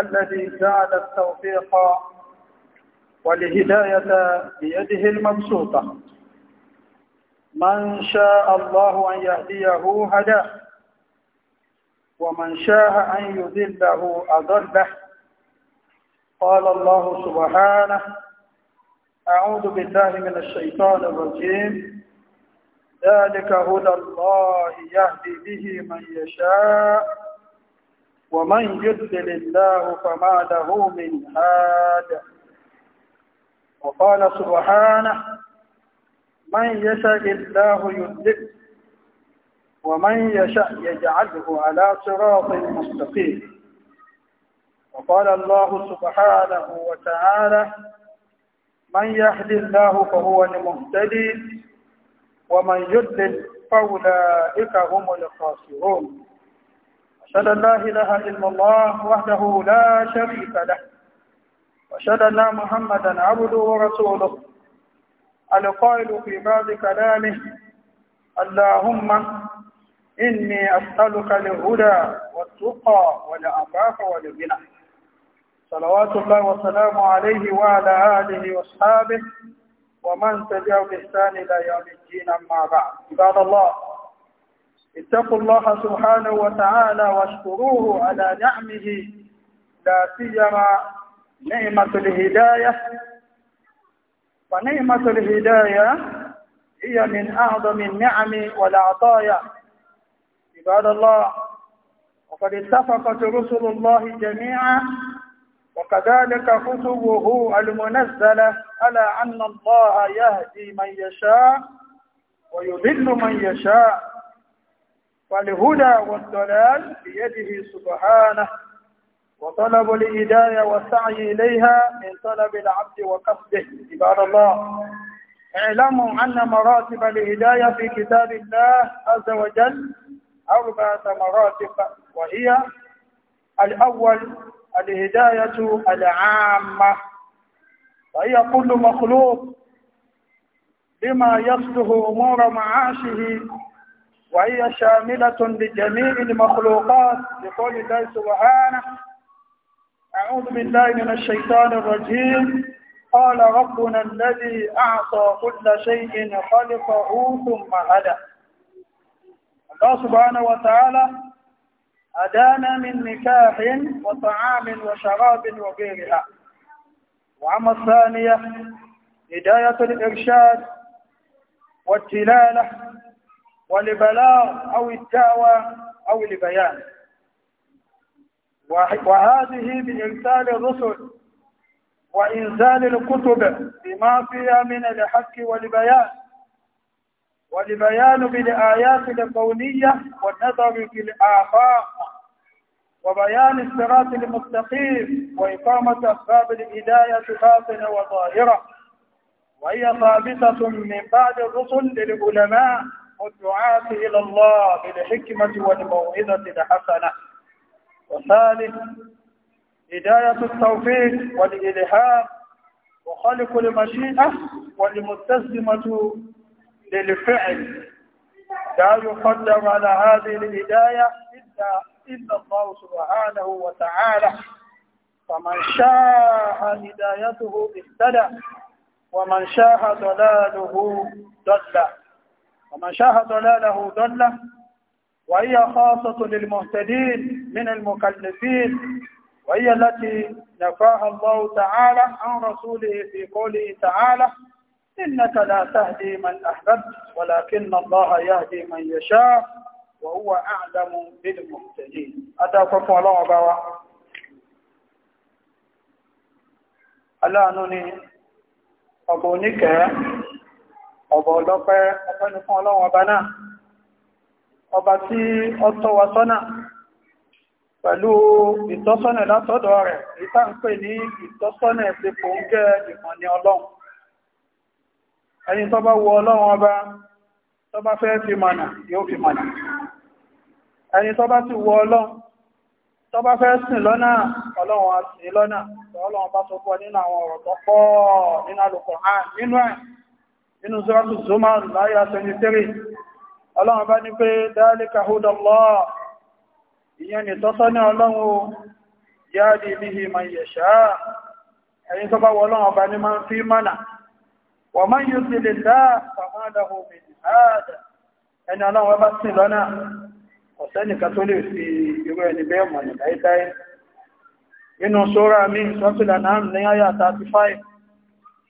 الذي جعل التوفيق والهداية بيده المبسوطة من شاء الله أن يهديه هداه ومن شاء أن يذله أضله قال الله سبحانه أعوذ بالله من الشيطان الرجيم ذلك هدى الله يهدي به من يشاء ومن يدل الله فما له من هاد وقال سبحانه من يشاء الله يدل ومن يشاء يجعله على صراط مستقيم وقال الله سبحانه وتعالى من يهد الله فهو المهتدي ومن يدل فأولئك هم الخاسرون أشهد أن لا إله إلا الله وحده لا شريك له وأشهد أن محمدا عبده ورسوله القائل في بعض كلامه اللهم إني أسألك الهدى والتقى والعفاف والغنى صلوات الله وسلامه عليه وعلى آله وأصحابه ومن تبعه بإحسان إلى يوم الدين أما بعد عباد الله اتقوا الله سبحانه وتعالى واشكروه على نعمه لا سيما نعمة الهداية فنعمة الهداية هي من أعظم النعم والعطايا عباد الله وقد اتفقت رسل الله جميعا وكذلك كتبه المنزلة على أن الله يهدي من يشاء ويضل من يشاء فالهدى والضلال بيده سبحانه وطلب الهداية والسعي إليها من طلب العبد وقصده عباد الله اعلموا أن مراتب الهداية في كتاب الله عز وجل أربعة مراتب وهي الأول الهداية العامة وهي كل مخلوق بما يصلح أمور معاشه وهي شاملة لجميع المخلوقات لقول الله سبحانه أعوذ بالله من الشيطان الرجيم قال ربنا الذي أعطى كل شيء خلقه ثم هدى الله سبحانه وتعالى أدانا من نكاح وطعام وشراب وغيرها وأما الثانية هداية الإرشاد والتلالة ولبلاغ أو الدعوة أو لبيان وهذه بإمثال الرسل وإنزال الكتب بما فيها من الحق والبيان ولبيان بالآيات الكونية والنظر في الآفاق وبيان الصراط المستقيم وإقامة أسباب الهداية باطنة وظاهرة وهي ثابتة من بعد الرسل للعلماء والدعاة إلى الله بالحكمة والموعظة الحسنة وثالث هداية التوفيق والإلهام وخلق المشيئة والمستسلمة للفعل لا يقدم على هذه الهداية إلا إلا الله سبحانه وتعالى فمن شاء هدايته اهتدى ومن شاء ضلاله ضل ومن شاء ضلاله ضله وهي خاصة للمهتدين من المكلفين وهي التي نفاها الله تعالى عن رسوله في قوله تعالى إنك لا تهدي من أحببت ولكن الله يهدي من يشاء وهو أعلم بالمهتدين أتاكم الله أبوا ألا نني أبونك ọ̀bọ̀ ọlọ́pẹ́ ọpẹ́ ni fún ọlọ́run ọba náà ọba tí ó tọ́ wa sọ́nà pẹ̀lú ìtọ́sọ́nà látọ́dọ̀ rẹ̀ ìta ń pè ní ìtọ́sọ́nà ti pòúngẹ́ ìmọ̀ni ọlọ́run ẹni tó bá wo ọlọ́run ọba tó bá fẹ́ fi mọ̀nà yóò fi mọ̀nà ẹni tó bá ti wo ọlọ́run tó bá fẹ́ sìn lọ́nà ọlọ́run á sìn lọ́nà bá sọ fún nínú àwọn ọ̀rọ̀ tó nínú Al-Qur'an nínú ẹ̀ nínú sọ́rọ̀tù zomar láyá 23 ọlọ́run bá ní pé dhalika hudallah ìyẹn ni tọ́tọ́ ní ọlọ́run yáàdì bihi man yasha ẹ̀yìn tó bá wọ ọlọ́run ọba ní máa ń fi mọ́nà wa man yudlilillah fama lahu min had ẹni ọlọ́run ọba sì lọ́nà ọ̀sẹ́nìkan tó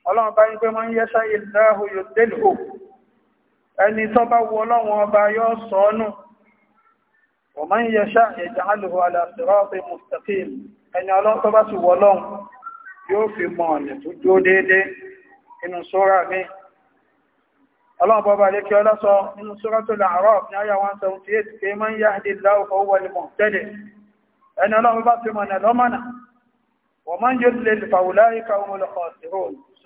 ọlọ́run bá ń pé mọ́ ń yẹ́ṣá ìdáhù yóò délò ẹni tó bá wọ ọlọ́run ọba yóò sọ́ọ́nù ọmọ ń yẹ́ṣá ẹ̀jà alùhù aláṣẹ́rọ́ọ̀fẹ́ mustaqim ẹni ọlọ́run tó bá sì wọ ọlọ́run yóò fi mọ̀ ọ̀nà tó jó déédé inú sóra mi ọlọ́run bọba lè kí ọlá sọ inú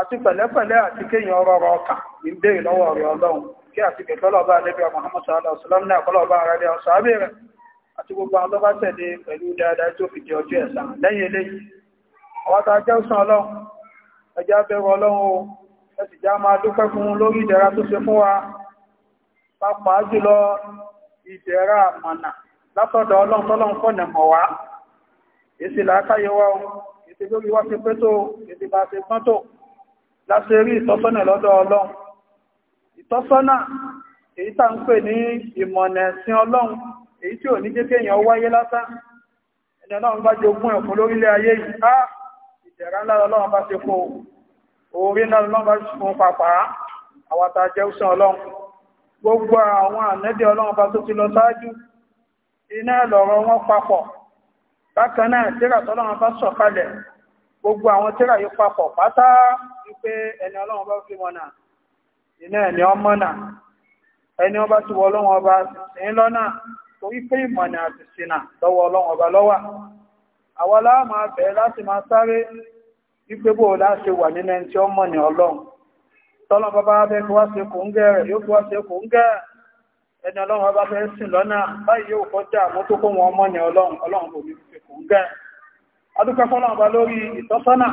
àti pẹ̀lẹ́pẹ̀lẹ́ àti kéèyàn rọrọ̀ ọkà ìbéèrè lọ́wọ́ rẹ̀ ọlọ́run kí àti kẹ̀kọ́lọ́bà lẹ́bí ọmọ Muhammad sallallahu alaihi wasallam ní àkọlọ́bà rẹ̀ lẹ́ ọ̀sàábẹ̀ rẹ̀ àti gbogbo àwọn tọ́bá tẹ̀lé pẹ̀lú dáadáa tó fi di ọjọ́ ẹ̀san lẹ́yìn eléyìí àwọn tá a jẹ́ òsàn ọlọ́run ẹjá bẹ̀rù ọlọ́run o ẹ sì já máa dúpẹ́ fún lórí ìdẹ̀ra tó ṣe fún wa pàápàá jùlọ ìdẹ̀ra àmọ̀nà látọ̀dọ̀ ọlọ́run tọ́lọ́run fọ̀nà mọ̀ wá èsì làákàyè pọ́n tó láti rí ìtọ́sọ́nà lọ́dọ̀ ọlọ́run ìtọ́sọ́nà èyí tá ń pè ní ìmọ̀nà ẹ̀sìn ọlọ́run èyí tí ò ní jẹ́ kéèyàn wáyé lásán ẹni ọlọ́run bá jogún ẹ̀kún lórílẹ̀ ayé yìí á ìtẹ̀rá ńlá ọlọ́run bá ti fún orí ńlá ọlọ́run bá fún papà àwàtà jẹ́wùsàn ọlọ́run gbogbo àwọn ànẹ́dẹ̀ ọlọ́run bá tó ti lọ sáájú iná ẹ̀lọ́rọ̀ wọn papọ̀ bákan náà tíra tọ́lọ́run bá sọ̀kalẹ̀ gbogbo àwọn tíra yìí papọ̀ pátá wípé ẹni ọlọ́run bá fi mọ̀nà iná ẹni ọmọ́nà ẹni ọba ti wọ ọlọ́run ọba sí lọ́nà tó wípé ìmọ̀nà àtìsìnà lọ́wọ́ ọlọ́run ọba lọ́wà àwọn aláàmà bẹ̀ láti máa sáré wípé bó láti wà nínú ẹni tí ó mọ̀nà ọlọ́run tọ́lọ́ bàbá bẹ́ fi wá ṣe kòńgẹ́ rẹ̀ yóò fi wá ṣe kòńgẹ́ ẹni adúpẹ́ fọ́lọ́run bá lórí ìtọ́sọ́nà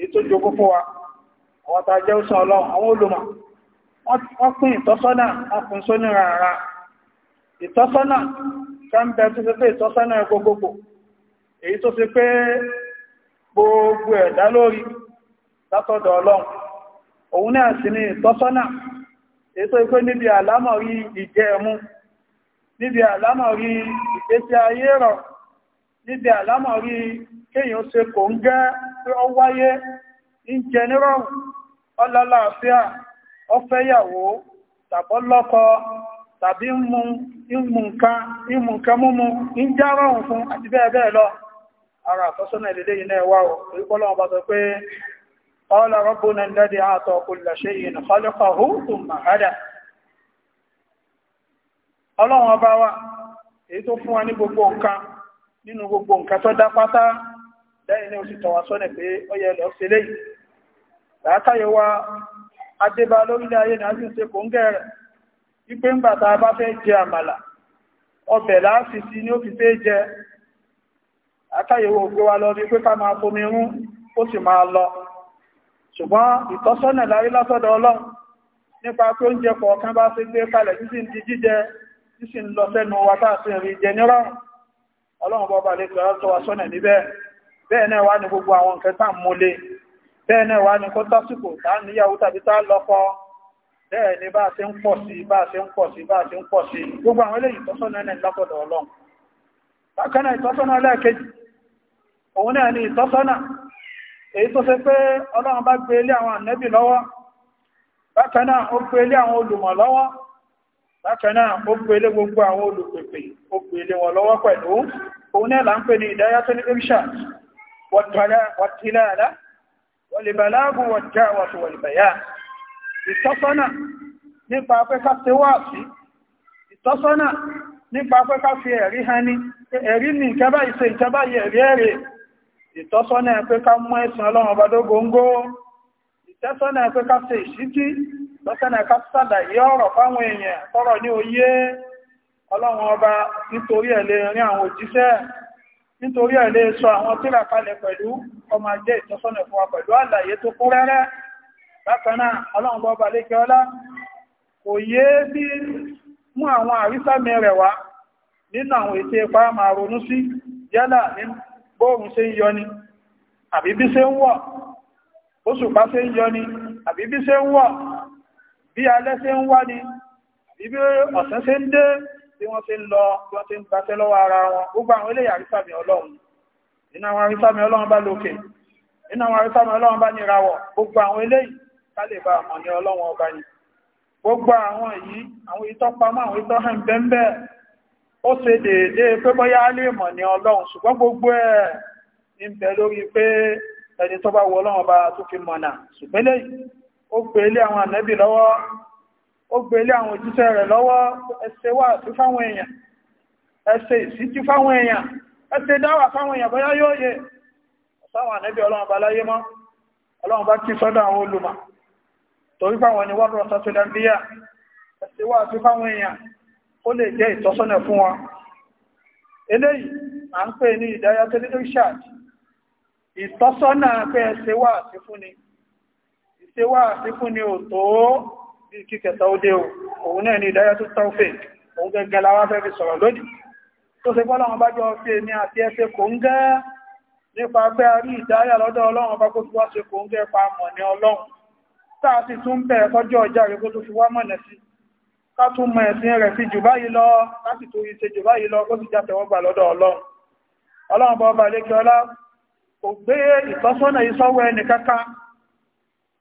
èyí tó jogó wa àwọn jẹ jẹ́ òṣà ọlọ́run àwọn olùmọ̀ wọ́n pín ìtọ́sọ́nà wọ́n pín só ní ràrá ṣe pé gbogbogbò èyí tó fi pé gbogbo ẹ̀dá lórí látọ̀dọ̀ ọlọ́run níbi àlámọ̀rí kéèyàn ṣe kò ń gẹ́ tí ó wáyé ń jẹ ọlọ́láàfíà ó fẹ́yàwó tàbí ìmùnkan múmu ń já rọrùn fún àti bẹ́ẹ̀ bẹ́ẹ̀ lọ ara àtọ́sọ́nà ìlélé yìí náà bá sọ pé bá wà èyí tó fún wa ní gbogbo nínú gbogbo nǹkan tó dá pátá lẹ́yìn ní oṣù tọ̀wà sọ́nà pé ọyẹ lọ sí léyìí látàyè wa adébá lórílẹ̀ ayé ní àti ṣe rẹ̀ wípé ń bá fẹ́ jẹ àmàlà ọbẹ̀ fi jẹ gbé wa lọ bí pé ká máa fomi rún ó sì máa lọ ṣùgbọ́n ìtọ́sọ́nà ọlọ́run nípa pé oúnjẹ kọ̀ọ̀kan bá gbé kalẹ̀ sísìn di jíjẹ sísìn lọ ọlọ́run bọ́ba lè tọ́lá tọ́wà sọ́nà níbẹ̀ bẹ́ẹ̀ náà wá ní gbogbo àwọn nǹkan tá múlé bẹ́ẹ̀ náà wá ní kó tásìkò tá níyàwó tàbí tá lọ́kọ bẹ́ẹ̀ ni bá ṣe ń pọ̀ sí bá ṣe ń pọ̀ sí bá ṣe ń pọ̀ sí gbogbo àwọn eléyìí tọ́sọ́nà náà lọ́pọ̀dọ̀ ọlọ́run bákan náà ìtọ́sọ́nà lẹ́ẹ̀kejì òun náà ni ìtọ́sọ́nà èyí tó ṣe pé ọlọ́run bá gbé ilé àwọn ànẹ́bì lọ́wọ́ bákan náà ó gbé ilé àwọn olùmọ̀ lọ́wọ́ bákanáà ó pèlé gbogbo àwọn olùpèpè ó pèlé wọn lọ́wọ́ pẹ̀lú òun náà là ń pè ní ìdáyà tó ní irshad wàtíláàlá wàlìbàláàgùn wàjá wàtí wàlìbàyà ìtọ́sọ́nà nípa afẹ́ká ti wá sí ìtọ́sọ́nà nípa afẹ́ká fi ẹ̀rí hani ẹ̀rí ní ìkẹ́bá ìṣe ìkẹ́bá ẹ̀rí ẹ̀rẹ̀ ìtọ́sọ́nà ẹ̀fẹ́ká mọ́ ẹ̀sìn ọlọ́run ọba dógóngó ìtẹ́sọ́nà ẹ̀fẹ́ká ṣe ìṣítí lọ́sẹ̀nà ká sàlàyé ọ̀rọ̀ fáwọn èèyàn tọ́rọ̀ ní oyé ọlọ́run ọba nítorí ẹ̀ lè rin àwọn òjíṣẹ́ nítorí ẹ̀ lè sọ àwọn tíra kalẹ̀ pẹ̀lú ọmọ ajé ìtọ́sọ́nà fún wa pẹ̀lú àlàyé tó kún rẹ́rẹ́ bákan náà ọlọ́run ọba lékẹ́ ọlá kò yé bí mú àwọn àrísàmì rẹ̀ wá nínú àwọn ètò ipa máa ronú sí yálà ní bóòrùn ṣe ń yọ ni àbí ṣe ń wọ̀ bóṣùpá ṣe ń yọ ni àbí ṣe ń wọ̀ bí alẹ́ ṣe ń wá ni ibi ọ̀sán ṣe ń dé tí wọ́n ṣe ń lọ tí wọ́n ṣe ń gbaṣẹ́ lọ́wọ́ ara wọn gbogbo àwọn eléyà àrísàmì ọlọ́run iná àwọn àrísàmì ọlọ́run bá lókè iná àwọn àrísàmì ọlọ́run bá ní ìràwọ̀ gbogbo àwọn eléyìí ká lè bá àmọ̀ ní ọlọ́run ọba ni gbogbo àwọn èyí àwọn ìtọ́ pamọ́ àwọn ìtọ́ hàn bẹ́ẹ̀ ó ṣe déédé pé bóyá lè mọ̀ ní ọlọ́run ṣùgbọ́n gbogbo ẹ̀ ń bẹ lórí pé ẹni tó bá wọ ọlọ́run ọba tó fi mọ̀nà ṣùgbẹ́lẹ́yìí ó gbé lé àwọn ànẹ́bì lọ́wọ́ ó gbé lé àwọn òjíṣẹ́ rẹ̀ lọ́wọ́ ẹ wà fáwọn èèyàn ẹ ṣe fáwọn èèyàn ẹ dáwà fáwọn èèyàn bóyá yóò yẹ sáwọn ànẹ́bì ọlọ́run bá láyé mọ́ ọlọ́run bá ti sọ́dọ̀ àwọn olùmọ̀ torí fáwọn ni wọ́n rọ̀ ní ìtọ́sọ́nà wà sí fúnni ṣe wá àfikún ni ò tó kíkẹta ó dé òun náà ni ìdáyà tó tọ́fẹ́ òun gẹ́gẹ́ láwá fẹ́ fi sọ̀rọ̀ lónìí tó ṣe bọ́lá wọn bá jọ fi èmi àti ẹsẹ kò ń gẹ́ nípa pé a rí ìdáyà lọ́dọ̀ ọlọ́run bá kó fi wá ṣe kò ń gẹ́ pa mọ̀ ní ọlọ́run táà sì tún bẹ̀rẹ̀ kọjọ́ ọjà rẹ̀ kó tó fi wá mọ̀nà sí ká tún mọ ẹ̀sìn rẹ̀ sí jù báyìí lọ láti tó ṣe jù báyìí lọ kó sì já tẹ̀wọ́gbà lọ́dọ̀ ọlọ́run ọlọ́run bá ọba lékè ọlá kò gbé ìtọ́sọ́nà ìsọ́wọ́ ẹnì kankan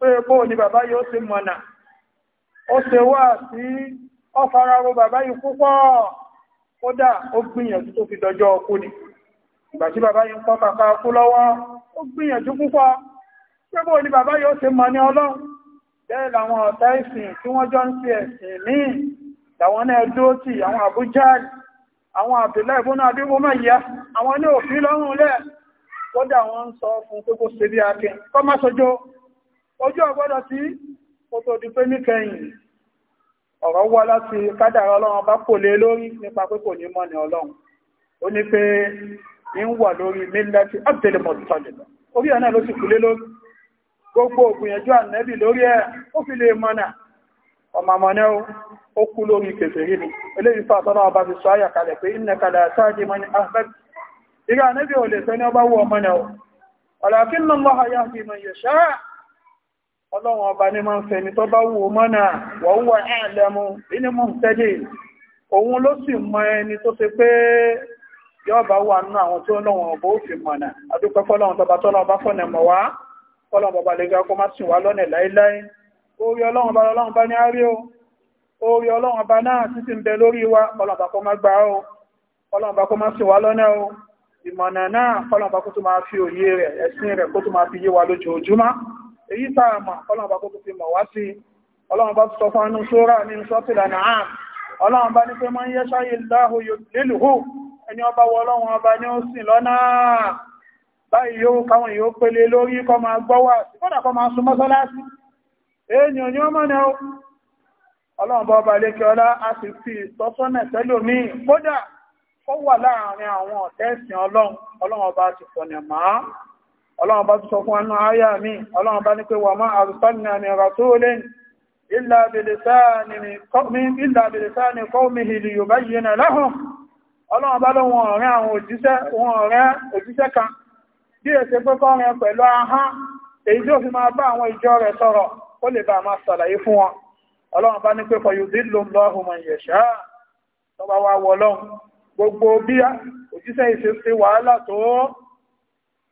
pé bó bàbá yóò ti mọ̀nà ó ṣe wá sí ọfararó bàbá yìí púpọ̀ kódà ó gbìyànjú tó fi dọjọ́ ọkú ni ìgbà tí bàbá yìí ń pọ́ kàkà kú lọ́wọ́ ó gbìyànjú púpọ̀ pé bó ní bàbá yóò ti mọ̀ ní ọlọ́run bẹ́ẹ̀ làwọn ọ̀tá ìsìn tí wọ́n jọ ń fi ẹ̀sìn míì làwọn náà dúró tì àwọn àbújá àwọn àbìlá ìbónà adébómọ̀ ìyá àwọn ní òfin lọ́rùn lẹ̀ kódà ojú ọgbọ́dọ̀ sí kòtò dìpé níkẹyìn ọ̀rọ̀ wọ́ láti kádàrà ọlọ́run bá kò lé lórí nípa pé kò ní mọ́ ní ọlọ́run ó ní pé ní ń wà lórí mílẹ́tì abdulmọ̀tọ́lẹ̀ orí ẹ̀ náà ló sì kúlé lórí gbogbo ògbìyànjú ànẹ́bì lórí ẹ̀ ó fi lè mọ́nà ọmọ àmọ́nẹ́ ó kú lórí kèfèrí ni eléyìí fà tọ́lá ọba fi sọ àyà kalẹ̀ pé ìnà kalẹ̀ sáàdì mọ́ni yẹ̀ṣáà ọlọ́run ọba ní máa ń fẹni tó bá wù mọ́nà wọ́wọ́ ẹ̀lẹ́mú inú mú tẹ́lẹ̀ òun ló sì mọ ẹni tó ṣe pé yóò bá wà nínú àwọn tí ọlọ́run ọba ó fi mọ̀nà o orí ọlọ́run bá náà o ọlọ́run bá kó má sìn wá lọ́nà o ìmọ̀nà náà fọ́lọ́run bá kó tó máa fi òye rẹ̀ ẹ̀sìn rẹ̀ kó tó máa fi yé wa lójoojúmọ́ èyí tààmà ọlọ́run bá kókò fi mọ̀ wá sí ọlọ́run bá sọ fún anú sóra ní sọ́tìlà náà ọlọ́run bá ní pé mọ́ ń yẹ́ ṣáyé láhù lílùhù ẹni ọba wọ ọlọ́run ọba ní ó sìn wà láàárín àwọn ọ̀tẹ́sìn ọlọ́run ọlọ́run ọba ti fọ̀nà máa ọlọ́run bá tún sọ fún anú ayá mi ọlọ́run bá ní pé wà máa àrùsánà ní rasulin illa bilisani qawmihi li yubayyina lahum ọlọ́run bá ló wọn ọ̀rẹ́ àwọn òjíṣẹ́ kan bí ẹ̀ṣẹ́ pé kọ́rin pẹ̀lú ahá èyí tí ó fi máa bá àwọn ìjọ rẹ̀ sọ̀rọ̀ ó lè bá máa sàlàyé fún wọn ọlọ́run bá ní pé fọ yudhillullahu man yasha wàhálà tó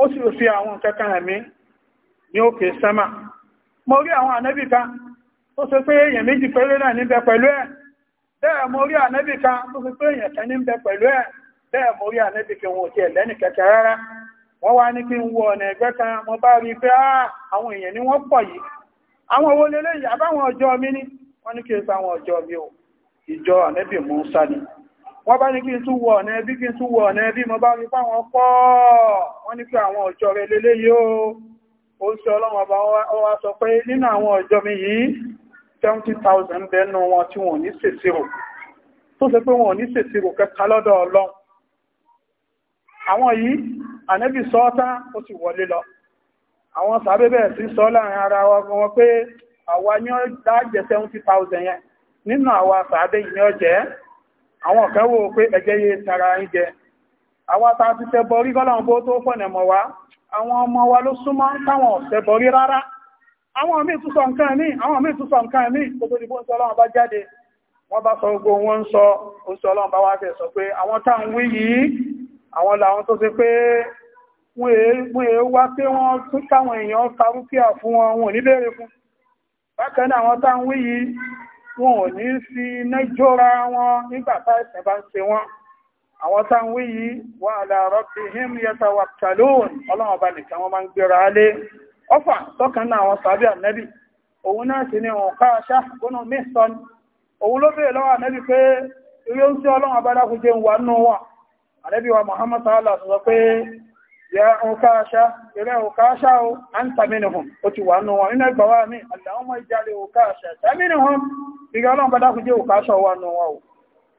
ó sì fi àwọn kankan ẹ̀mí ní òkè sẹ́mà mo rí àwọn ànẹ́bì kan tó ṣe pé èèyàn méjì péré náà níbẹ̀ pẹ̀lú ẹ̀ bẹ́ẹ̀ mo rí ànẹ́bì kan tó ṣe pé èèyàn kan níbẹ̀ pẹ̀lú ẹ̀ bẹ́ẹ̀ mo rí ànẹ́bì kan wọn ò tiẹ̀ rárá wọ́n wá ní kí n wo ọ̀nà kan mo bá rí ni wọ́n pọ̀ yìí àwọn wo àbáwọn ọjọ́ mi ni wọ́n ní o ìjọ ànẹ́bì ni wọ́n bá ní kí n tún wọ ọ̀nà ẹbí kí n tún wọ ọ̀nà ẹbí mo bá rí fáwọn pọ̀ wọ́n ní pé àwọn ọjọ́ rẹ̀ lélé yóò ó ń sọ ọlọ́run ọba wa sọ pé nínú àwọn ọjọ́ mi yìí 70,000 bẹ́ẹ̀nù wọn tí wọ́n ní ṣèṣirò tó ṣe pé wọ́n ní ṣèṣirò kẹta lọ́dọ̀ ọlọ́run àwọn yìí ànẹ́bì sọ́ọ́tá ó sì wọlé lọ àwọn sàbẹ́ bẹ̀rẹ̀ sí sọ àwọn kan wò pé ẹjẹ́ yé tara ń jẹ àwọn ta ti ṣẹbọ rí gọ́lọ́run bó tó fọ̀nà mọ̀ wá àwọn ọmọ wa ló súnmọ́ táwọn ṣẹbọ rí rárá àwọn míì tún sọ nǹkan míì àwọn míì tún sọ nǹkan míì kó tó di bó ń sọ ọlọ́run bá jáde wọ́n bá sọ gbogbo wọn ń sọ ó sọ ọlọ́run bá wá fẹ́ sọ pé àwọn táwọn wí yìí àwọn làwọn tó ṣe pé wọ́n èé wá pé wọ́n tún táwọn èèyàn farúkíà fún wọn wọn ò ní béèrè fún bákan náà àwọn táwọn wí yìí wọn ò ní fi iná jóra wọn nígbà tá bá ń wọn àwọn tá ń wí yìí wà láàárọ̀ him yẹta wà tàlóòn nìkan wọn máa ń gbéra lé ọfà tọkàn náà àwọn sàbí ànẹ́bì òun náà sì ni òun káàṣá gbónú mẹ́sàn òun ló béèrè lọ́wọ́ ànẹ́bì pé ilé ń Muhammad sọ pé ya òun káàṣá òun káàṣá o à ń ó ti wà nù wọn nínú ẹgbàá wa mi ìrẹ́ ọlọ́run bádá kú jẹ́ òkáṣọ́ wà nù wọn o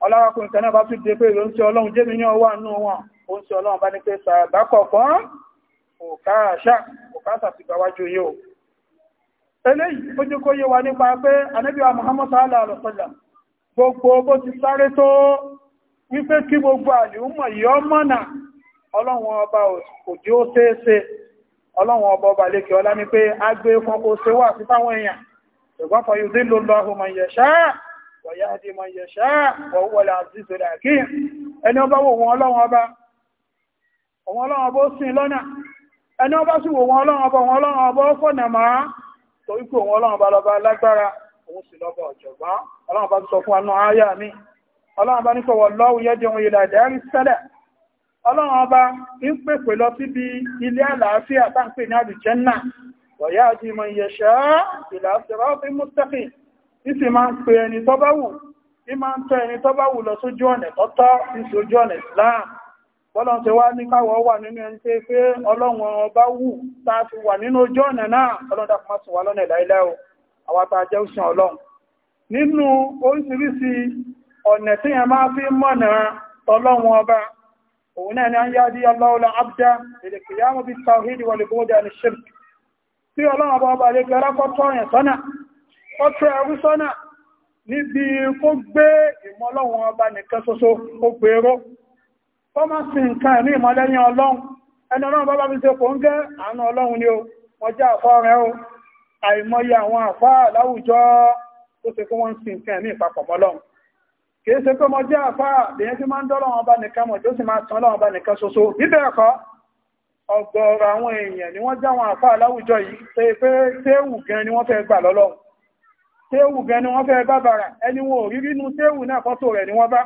ọlọ́rakùn tẹ́nà bá tún dé pé ìrò ń tí ọlọ́run jẹ́ mi ní ọwà nù wọn o ń tí ọlọ́run bá ní pé sàbákọ̀ òkáṣà wa nípa pé anábíwá Muhammad sallallahu alaihi wasallam gbogbo bó ti sáré tó wípé kí gbogbo àlùmọ̀ yọ mọ̀nà ọlọ́run ọba òjò ó ṣeéṣe ọlọ́run ọba ọba lékè ọlá ní pé agbé fún kó ṣe wà sí táwọn èèyàn ṣùgbọ́n fa yudhillu Allahu man yasha' wa yahdi man yasha' wa huwa al-azizul hakim ẹni ọba wò wọn ọlọ́wọ́n ọba ọ̀wọ́n ọlọ́wọ́n ọba ó sin lọ́nà ẹni ọba sì wò wọn ọlọ́wọ́n ọba wọn ń pèpè lọ síbi ilé àlàáfíà tá ń pè ní ويأتي من يشاء إلى صراط مستقيم ìsì máa ń pe ẹni tó bá wù ní máa ń tọ́ ẹni tó bá wù lọ sójú ọ̀nà tọ́tọ́ sí sójú ọ̀nà Islam bọ́lọ̀ ti wá ní káwọ̀ wà nínú ẹni tẹ́ pé ọlọ́run ọba wù táà ti wà nínú ojú ọ̀nà náà ọlọ́dà òun náà ni a ń yá dí ọlọ́ọ̀lọ́ abdá èdè kìyàmù bí tawhid wal bu'd an shirk tí ọlọ́run ọba ọba lè gbẹ́rá kọ́ tọ́rìn sọ́nà ó tọ́ ẹrú sọ́nà níbi kó gbé ìmọ̀lọ́run ọba nìkan ṣoṣo ó gbèrò e ó má sí nǹkan ẹ̀mí ìmọ̀lẹ́yìn ọlọ́run ẹni ọlọ́run bá bá fi ni ó wọ́n jẹ́ àfọ́ rẹ̀ ó àìmọye àwọn àfá láwùjọ tó ṣe kó wọ́n sí nǹkan ẹ̀mí ìpapọ̀ mọ́lọ́run kìí ṣe pé mo jẹ́ àfá lèyẹn tí máa ń dọ́lọ́run ọba nìkan mọ̀ tó sì máa tan ọlọ́run ọ̀gọ̀ọ̀rọ̀ àwọn èèyàn ni wọ́n jáwọn àfá aláwùjọ yìí pé pé gan ni wọ́n fẹ́ gbà lọ́lọ́run téèwù gan ni wọ́n fẹ́ bá bàrà ẹni wọn ò rí rínú téèwù náà fọ́tò rẹ̀ ni wọ́n bá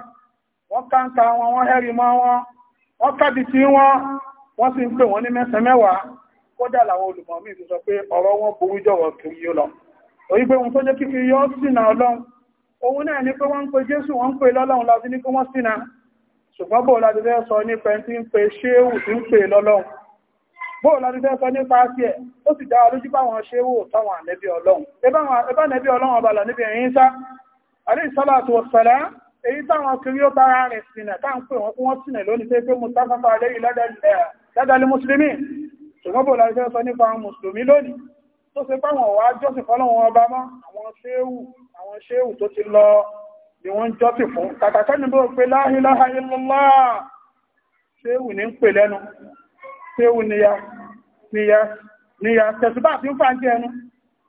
wọ́n káńkà wọn wọ́n hẹ́rì mọ́ wọn wọ́n kábi tí wọ́n wọ́n sì ń pè wọ́n ní mẹ́sàn-án mẹ́wàá kódà làwọn olùmọ̀ mi ti sọ pé ọ̀rọ̀ wọn burú jọ̀wọ̀ kiri yóò lọ òyí pé ohun tó jẹ́ kíkiri yóò ṣìnà ọlọ́run òun náà ni pé wọ́n ń pe jésù wọ́n ń pe lọ́lọ́run láti ní pé wọ́n ṣìnà ṣùgbọ́n bò láti fẹ́ sọ nípa ẹni tí ń pe ṣéwù tí ń pe lọ́lọ́run bóò la ti fẹ́ sọ nípa sí ẹ̀ ó sì dá lójú báwọn ṣe wò táwọn ànẹ́bí ọlọ́run ẹbá ànẹ́bí ọlọ́run ọba lọ níbi ẹ̀yìn sá àlẹ́ ìsọ́láàtù ọ̀sẹ̀lá èyí táwọn kiri ó bára rìn sínà táwọn pè wọ́n kí wọ́n sínà lónìí pé pé mustapha fàdé yìí ládàlí mùsùlùmí ṣùgbọ́n bóò la ti fẹ́ sọ nípa àwọn mùsùlùmí lónìí tó ṣe báwọn wá jọ́sìn fọ́lọ́wọ́n ọba mọ́ àwọn ṣéwù àwọn ṣéwù tó ti lọ ni wọ́n jọ́sìn fún kàkàkẹ́ ni bó pe la ilaha illallah ṣéwù ní ń pè lẹ́nu tẹ́wù níyà tẹ̀sùbá tí ń fà ń jẹ ẹnu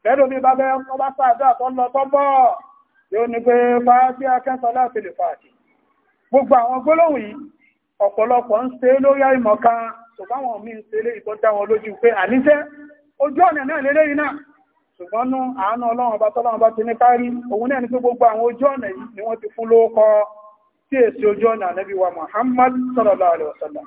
lẹ́dọ̀ mi bá bẹ́ ọba sáàdá tó lọ tó bọ́ yóò ní pé fàájí akẹ́sọ láti lè fàájì gbogbo àwọn gbólóhùn yìí ọ̀pọ̀lọpọ̀ ń ṣe lórí àìmọ̀ kan ṣùgbọ́n àwọn míì ń ṣe lé ìtọ́ dá wọn lójú pé àníṣẹ́ ojú ọ̀nà náà lélẹ́ yìí náà ṣùgbọ́n nú àánú ọlọ́run ọba tọ́lọ́run bá ti ní kárí òun náà ní pé gbogbo àwọn ojú ọ̀nà yìí ni wọ́n ti fún lóókọ tí èsì ojú ọ̀nà ànábì wa Muhammad sallallahu alaihi wasallam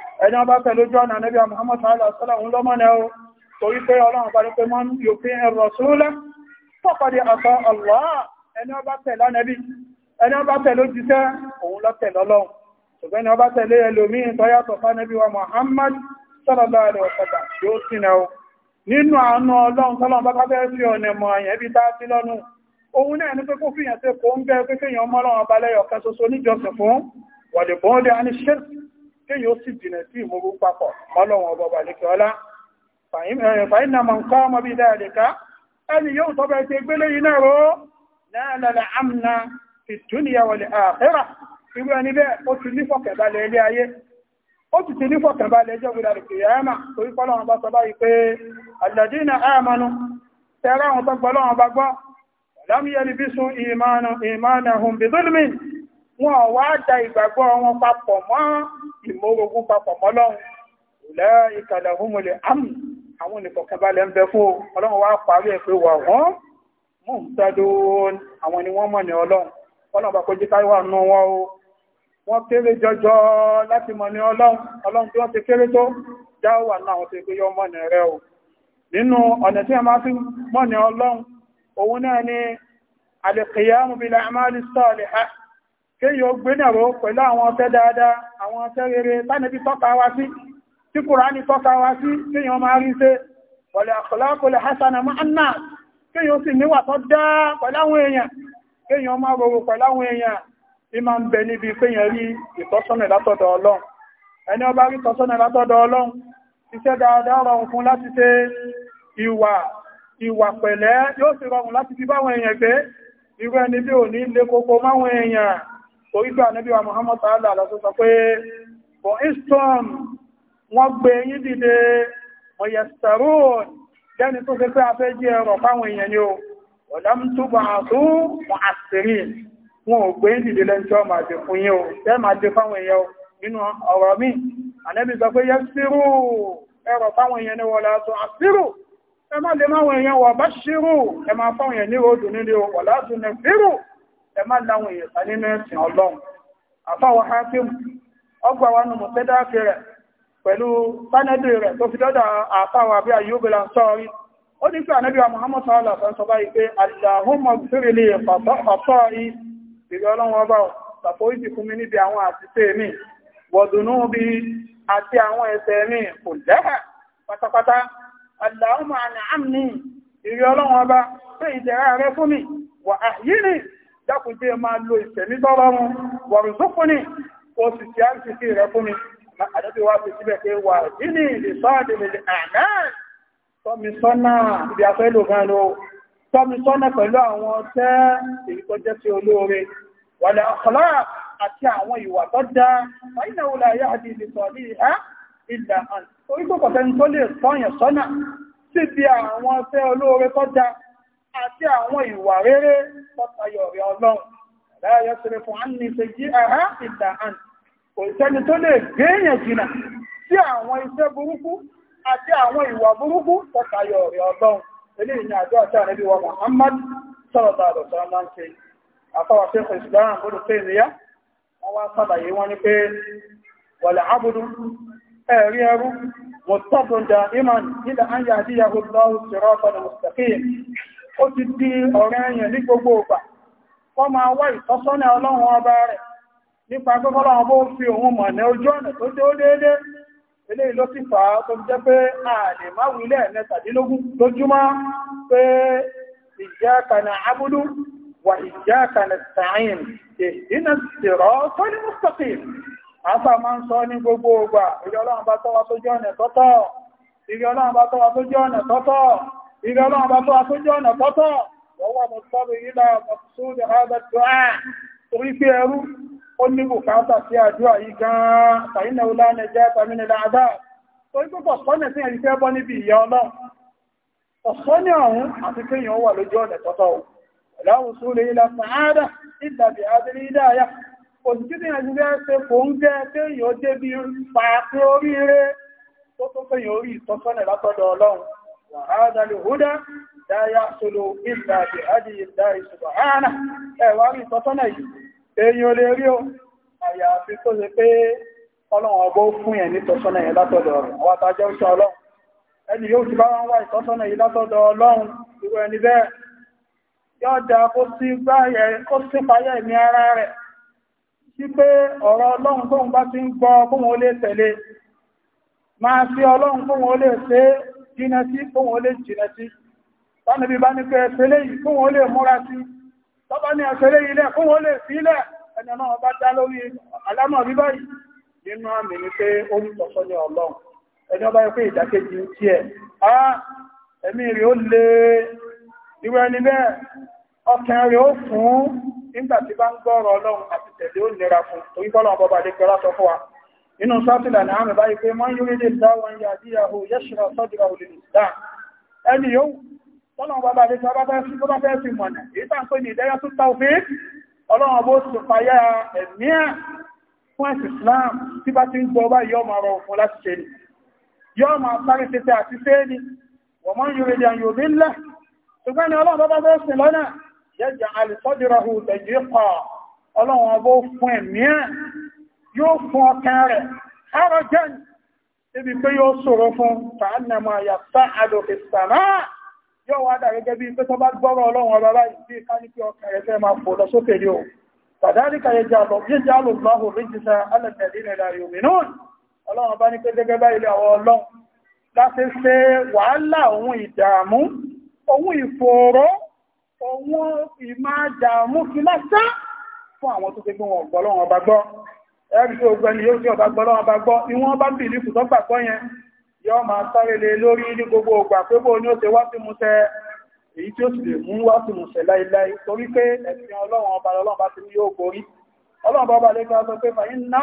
ẹni ọba pẹ̀lú ojú ọ̀nà níbi Muhammad sallallahu alaihi wasallam lọ́mọ́nà o torí pé ọlọ́run parí pé mọ́n yóò fi ń rọ̀ súnlẹ̀ fọ́kọ̀dé àṣọ Allah ẹni ọba tẹ̀lọ́ nẹ́bí ẹni ọba tẹ̀lọ́ jíṣẹ́ òun lọ́tẹ̀ lọ́lọ́run ṣùgbọ́n ẹni ọba tẹ̀lé ẹlòmíín tó yàtọ̀ fá nẹ́bí wa Muhammad sallallahu alaihi wasallam yóò sì nà o nínú àánú ọlọ́run tọ́lọ́run bá fẹ́ fi ọ̀nà mọ̀ àyẹ̀ bí tá sí lọ́nu òun náà ní pé kó fìyàn sí ń bẹ́ pé kéèyàn mọ́ ọlọ́run ọba lẹ́yọ̀ kan ṣoṣo níjọsìn fún wàlẹ̀ bọ́ọ̀lẹ̀ kéèyàn ó sì jìnà sí ìmúrú papọ̀ mọ́lọ́wọ́n ọba balẹ̀kẹ́ ọlá fàyín nàmọ̀ nǹkan ọmọ bíi dáadẹ́ka ẹni yóò tọ́ bẹ́ẹ̀ ti gbélé yìí náà ró náà lọ́la amna fi dúnìyà wọlé àkhírà irú ẹni bẹ́ẹ̀ ó ti ní fọkànbalẹ̀ ilé ayé ó ti ti ní fọkànbalẹ̀ ẹjọ́ gbé dàrú kìyàmà torí pé ọlọ́run bá sọ báyìí pé alladina amanu tẹ́rọ wá da ìgbàgbọ́ wọn papọ̀ mọ́ ìmórogún papọ̀ mọ́lọ́run ìlẹ́ ìkàlẹ̀ òmùlẹ̀ àmì àwọn ìfọ̀kànbalẹ̀ ń bẹ fún ọlọ́run wá parí ẹ̀ pé wà wọ́n mú ń tẹ́lú àwọn ni wọ́n mọ̀ ní ọlọ́run ọlọ́run bá kojú káyọ̀ nù wọn o wọ́n kéré jọjọ láti mọ̀ ní ọlọ́run ọlọ́run tí wọ́n ti kéré tó já wà náà àwọn tó ń yọ mọ̀ ní rẹ o nínú ọ̀nà tí a máa fi mọ̀ ní ọlọ́run òun náà ni al-qiyāmu bil-a'māli kéyàn gbénàró pẹ̀lú àwọn ọ̀fẹ́ dáadáa àwọn ọ̀fẹ́ rere tánàbí tọ́ka wá sí tí Kùránì tọ́ka wá sí kéyàn máa rí ṣe pẹ̀lú àkọlákọlẹ̀ hasana ma'anna kéyàn sì níwà tó dá pẹ̀lú àwọn èèyàn kéyàn máa rọrọ pẹ̀lú àwọn èèyàn ní máa ń bẹ níbi kéyàn rí ìtọ́sọ́nà látọ̀dọ̀ Ọlọ́run ẹni ó bá rí ìtọ́sọ́nà látọ̀dọ̀ Ọlọ́run iṣẹ́ le koko máwọn torí pé ànábì wa Muhammad sallallahu alaihi wasallam pé bọ̀ islam wọ́n gbé yín dìde mọ̀yẹ̀sẹ̀rún jẹ́ni tó fẹ́ fẹ́ afẹ́ jẹ́ ẹ̀rọ fáwọn èèyàn ni o ọ̀dámtúbà tó mọ̀ àṣírí wọn ò gbé dìde lẹ́ńtọ́ máa dé fún yín o tẹ́ máa dé fáwọn èèyàn o nínú ọ̀rọ̀ mi ànábì sọ pé yẹ́sírù ẹ má lè máwọn èèyàn wọ̀ bá ṣírù ẹ máa fáwọn èèyàn ní odò nílé o látún nẹ̀fírù ẹ má láwọn èèyàn kan nínú ẹ̀sìn ọlọ́run àfáwọn hakim ọgbà wa nù mọ̀tẹ́dáàkì rẹ̀ pẹ̀lú sánẹ́dì rẹ̀ tó fi dọ́dà àfáwọn àbí ayúbìlà sọ́ọ̀rí ó ní pé ànábíwá muhammad sọ́ọ̀lá sọ báyìí pé aláhùnmọ̀ fírílì ọ̀sọ́ọ̀rí ìrẹ́ ọlọ́run ọba ṣàforíjì fún mi níbi àwọn àṣìṣe mi wọ̀dùnú bí àti àwọn ẹ̀ṣẹ̀ mi kò lẹ́hà pátápátá aláhùnmọ̀ àná àmì ìrẹ́ ọlọ́run ọba pé ìdẹ̀ra rẹ fún mi wà áyí ni dákùn bí ẹ máa lo ìtẹ̀mí tọ́rọ wọn wọ̀rùn tó fún ní kò sì ti àǹtìsí rẹ fún mi àdẹ́bí wá fi síbẹ̀ pé wà nínú ìlẹ̀sọ́ọ̀dẹ̀ lè àná tọ́misọ́nà ibi afẹ́lò gan ló tọ́misọ́nà pẹ̀lú àwọn tẹ́ èyí tó jẹ́ sí olóore wàlẹ̀ ọ̀kọ̀lá àti àwọn ìwà tó dá wáyínà wọlé ayé àti ìlẹ̀sọ̀ọ̀dẹ̀ ìhá ìlà àǹtí orí kòkòtẹ́ni tó lè sọ́yàn sọ́nà síbi àwọn tẹ́ olóore tó dá àti àwọn ìwà rere pọ́tayọ̀ rẹ̀ ọlọ́run láyọ́ sí fún àníṣe jí ara ìdà àn kò sẹ́ni tó lè gbéyàn jìnà sí àwọn iṣẹ́ burúkú àti àwọn ìwà burúkú pọ́tayọ̀ ọlọ́run ilé ìyìn àjọ àti àrẹ́bí wa Muhammad sọ́ọ̀bà àdọ̀sọ́ máa ń ṣe àfọwà sí fún ìsìláàmù bó pé ìrìyá wọ́n wá sábàyé wọn ni pé wàlẹ̀ ẹ̀rí ẹrú mọ̀tọ́bùn nílẹ̀ àyà ó ti di ọ̀rẹ́ ẹ̀yàn ní gbogbo ọgbà wọ́n máa wá ìtọ́sọ́nà ọlọ́run ọba rẹ̀ nípa gbọ́gbọ́lọ́wọ́ bó fi òun mọ̀ ní ojú ọ̀nà tó dé ó déédé eléyìí ló sì fà á tó jẹ́ pé ààlè má mẹ́tàdínlógún lójúmọ́ pé iyyaka na'budu wa àfà máa ń sọ ní gbogbo ọgbà bá tó jẹ́ ọ̀nà tọ́tọ́ إذا ما بطوع سجون بطوع وهو مضطر إلى مقصود هذا الدعاء تغيث يرو قل لي بكاتا في أدعاء من الأعداء torípé pọ̀pọ́nà tí ẹ̀rí fẹ́ bọ́ níbi ìyá ọlọ́run pọ̀pọ́nà ọ̀hún àti kéèyàn wà lójú ọ̀nà tọ́tọ́ ò láwọn súnlẹ̀ ilẹ̀ sàádà ìdàbí adìrí ìdáyà òtútù ní ẹ̀sìn وهذا الهدى لا يحصل إلا بهدي الله سبحانه ẹ̀wárí tọ́tọ́nà yìí èyí ò lè rí o ọlọ́run ọgbọ́ fún ẹ̀ ní tọ́tọ́nà yìí látọ̀dọ̀ àwọn àtàjẹ́ òṣà ọlọ́run ẹni yóò ti bá wọ́n ọlọ́run irú ẹni bẹ́ẹ̀ yóò dá kó sí ara rẹ̀ sí pé ọ̀rọ̀ ọlọ́run tóun jìnà sí fún wọn lè jìnà sí tánàbí bá ní pé ẹ̀fẹ́lẹ́ yìí fún wọn lè múra sí tọ́bá ní ẹ̀fẹ́lẹ́ ilẹ̀ fún wọn lè fi ilẹ̀ ẹni náà bá dá lórí alámọ̀ rí báyìí nínú àmì ni pé ó ń tọ̀sọ́ ní ọlọ́run ẹni ọba ẹgbẹ́ ìdákejì ń tí ẹ̀ á ẹ̀mí rẹ̀ ó lè irú ẹni bẹ́ẹ̀ ọkàn rẹ̀ ó fún nígbà tí bá ń gbọ́rọ̀ ọlọ́run àti tẹ̀lé ó nira fún torí bọ́lọ̀ ọba bàdé kẹrà sọ fún wa inú sọ́tìlà ní àmì báyìí pé mọ́ yóò lè dáwọn yà bí yàhó yẹ́ṣìrà sọ́dìrà olè ìsìdá ẹni yóò tọ́lọ̀wọ́ bàbá lè tọ́bá fẹ́ sí bọ́bá fẹ́ sí mọ̀nà èyí tàn pé ní ìdẹ́yà tó tàó fi ọlọ́wọ́n bó sì payá ẹ̀mí ẹ̀ fún ẹ̀sì Islam tí bá ti ń gbọ́ ṣùgbọ́n ni ọlọ́wọ́n bàbá bó lọ́nà yẹ́jà alìsọ́dìrà hù tẹ̀yẹ́ kọ́ ọlọ́wọ́n bó fún ẹ̀mí ẹ̀ yóò fún ọkàn rẹ̀ ọrọ̀ jẹ́ ibi pé yóò sọ̀rọ̀ fún tàánàmà yàtà àdòkè sàmà yóò wá dà gẹ́gẹ́ bí pé tó bá gbọ́rọ̀ ọlọ́run ọba báyìí bí ká ní kí ọkàn rẹ̀ fẹ́ máa fò lọ sókè ní o fàdálíkà yẹ jàlọ yẹ jàlọ lọ́hù ríjìsà alẹ́tẹ̀lẹ́lẹ́ la yòmí náà fún àwọn tó gbé wọn ọ̀gbọ́lọ́run ọba gbọ́ ẹ̀rí tó gbẹni yóò tí ọba gbọ́lọ́wọ́ bá gbọ́ ni wọ́n bá ń bìlì fún tọ́gbà tọ́ yẹn yọ́ máa sáré lé lórí ní gbogbo ògbà pé bó ní ó ṣe wá sí musẹ́ èyí tí ó sì lè mú wá sí musẹ́ láíláí torí pé ẹ̀sìn ọlọ́run ọba lọ́lọ́run bá ti ní yóò borí ọlọ́run bá balẹ̀ ká sọ pé fàyín ná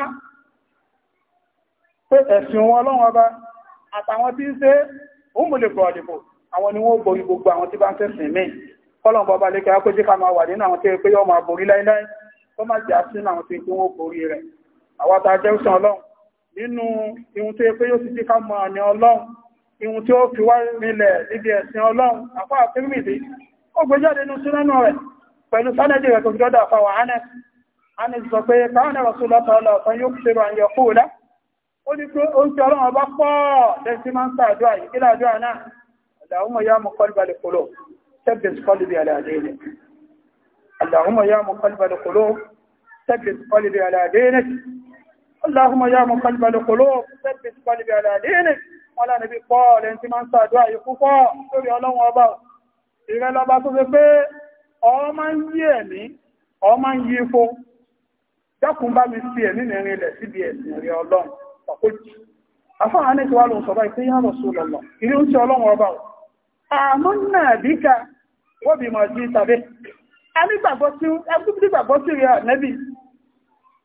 pé ẹ̀sìn wọn ọlọ́run ọba àtàwọn tí ń ṣe ó mú lè bọ̀ọ̀dì àwọn ni wọ́n borí gbogbo àwọn tí bá ń tẹ̀sìn míì ọlọ́run bá balẹ̀ ká pé jí ká máa wà nínú àwọn tí ó pé yọ́ máa borí láíláí tó má jẹ́ àṣínà àwọn tí wọ́n borí rẹ̀ àwátá jẹ́rùsàn ọlọ́run nínú ihun tó yẹ pé yóò ti jí ká mọ àní ọlọ́run ihun tí ó fi wá rinlẹ̀ níbi ẹ̀sìn ọlọ́run àfá àfírìmìdì ó gbé jáde nínú súnánú rẹ̀ pẹ̀lú sánẹ́dì rẹ̀ tó fi dọ́dọ̀ àfáwà Anas Anas sọ pé káwọn ẹ̀rọ sùn lọ́tọ̀ ọlọ́ọ̀tán yóò fi ṣèrò àyẹ̀ kú lá ó ya muqallibal qulub thabbit qalbi ala dinik Allahumma اللهم يا مقلب القلوب ثبت قلبي على دينك wọ́n lánàbí pọ́ ọ̀lẹ́ tí máa ń sàdúrà yìí púpọ̀ lórí ọlọ́run ọba ìrẹ́ lọba tó ṣe ọ máa ń yí ọ máa ifo dákun mi fi ẹ̀mí mìírin ilẹ̀ síbi ẹ̀sìn rẹ̀ ọlọ́run ọ̀pọ̀jù afáà ní tiwa lóun sọ̀bá ìpín yàrá a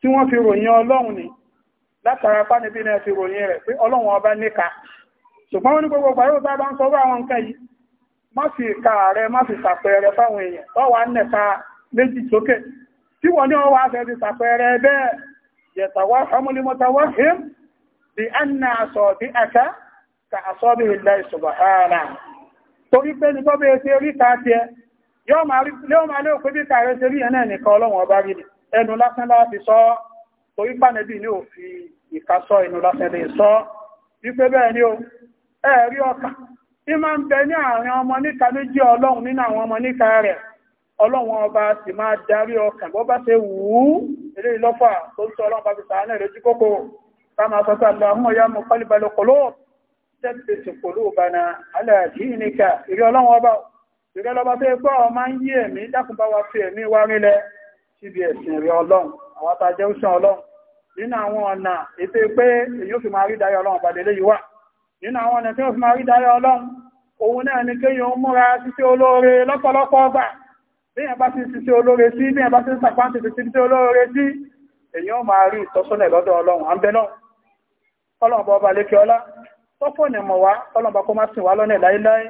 tí wọ́n fi ròyìn ọlọ́run ni látara pánibí náà fi ròyìn rẹ̀ pé ọlọ́run ọba níka ṣùgbọ́n wọ́n ní gbogbo gbàrú tá bá ń sọ bá àwọn nǹkan yìí má fi ìka rẹ̀ má fi sàpẹẹrẹ fáwọn èèyàn tó wà nẹ̀ka méjì sókè tí wọ́n ní wọ́n wá fẹ́ sàpẹẹrẹ bẹ́ẹ̀ aka ka àsọ bí ilẹ̀ ìṣọ̀bà ara torí pé ní bọ́bẹ̀ ṣe rí ta tiẹ̀ yóò máa lé òpin bí ẹnu lásán láti sọ orí pànẹ́bì ní òfin ìkásọ ẹnu lásán lè sọ wípé bẹ́ẹ̀ ni o ẹ̀rí ọkà tí máa ń bẹ ní àárín ọmọ níka méjì ọlọ́run nínú àwọn ọmọ níka rẹ̀ ọlọ́run ọba sì máa darí ọkà bó bá ṣe wù ú ọlọ́run bá fi sàánà kókó ká máa sọ sí ya muqallibal qulub síbi ẹ̀sìn rí ọlọ́run àwọn tàjẹ́ òṣàn ọlọ́run nínú àwọn ọ̀nà ètò pé èyí ò fi máa rí darí ọlọ́run bàdé lè yíwà nínú àwọn ọ̀nà tí ó fi máa rí darí ọlọ́run òun náà ni kéèyàn múra ṣíṣe olóore lọ́pọ̀lọpọ̀ ọgbà bíyàn bá ti ṣiṣẹ́ olóore sí bíyàn bá ti ń sàpá ti ṣiṣẹ́ olóore sí èyàn máa rí ìtọ́sọ́nà lọ́dọ̀ ọlọ́run à ń bẹ náà kọ́lọ̀n bá ọba lékè ọlá tọ́pọ̀ ní mọ̀ wá kọ́lọ̀n bá kọ́ máa sìn wá lọ́nà láíláí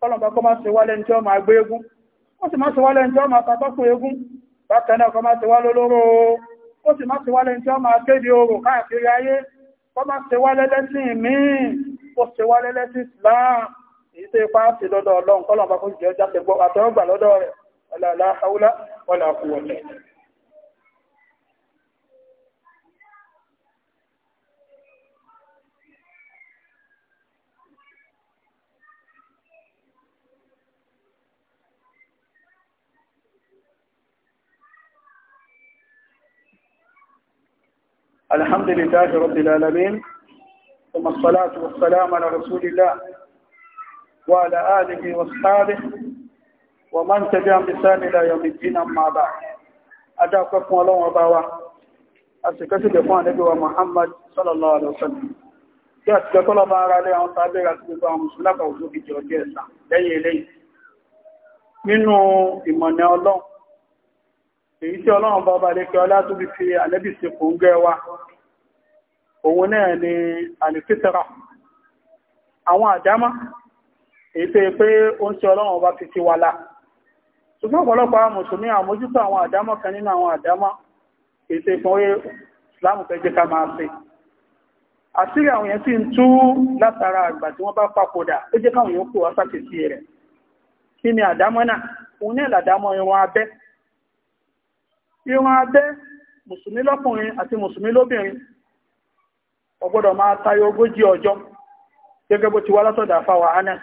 kọ́lọ̀n bá kọ́ máa sìn wá lẹ́ni tí ó máa gbé eégún ó sì máa sìn wá lẹ́ni tí ó máa tatọ́kùn eégún bákan náà kọ́ máa ti wá lólóró ó sì máa ti wá lẹ́ni tí ó máa káàkiri ayé kọ́ máa ti wá lẹ́lẹ́sìn míì ó ti wá lẹ́lẹ́sìn Islam èyí tó ipá sí lọ́dọ̀ Ọlọ́run kọ́lọ̀ bá الحمد لله رب العالمين ثم الصلاة والسلام على رسول الله وعلى آله وصحبه ومن تبعهم بسان إلى يوم الدين أما بعد أدعوكم الله وبعوة أسكتب إخوان نبي محمد صلى الله عليه وسلم tí a ti jẹ́ tọ́lọ bá ara lẹ́ àwọn tàbí àti gbogbo àwọn mùsùlùmí lápá òṣòkè èyí tí ọlọ́run bá balẹ̀ kí ọlá tó bí fi àlẹ́bì sí kòóngẹ́ wa òun náà ni àlìfítẹ́ra àwọn àdámá èyí tó pé ó ń tí ọlọ́run bá fi ti wà lá ṣùgbọ́n ọ̀pọ̀lọpọ̀ mùsùlùmí àmójútó àwọn àdámá kan nínú àwọn àdámá èyí tó pé ìsìláàmù fẹ́ jẹ́ ká máa ṣe àṣírí àwọn Iran abẹ́ mùsùlùmí lọ́kùnrin àti mùsùlùmí lóbìnrin ó máa tayo ogójì ọjọ́ gẹ́gẹ́ bó ti wá látọ̀dà fáwà Anas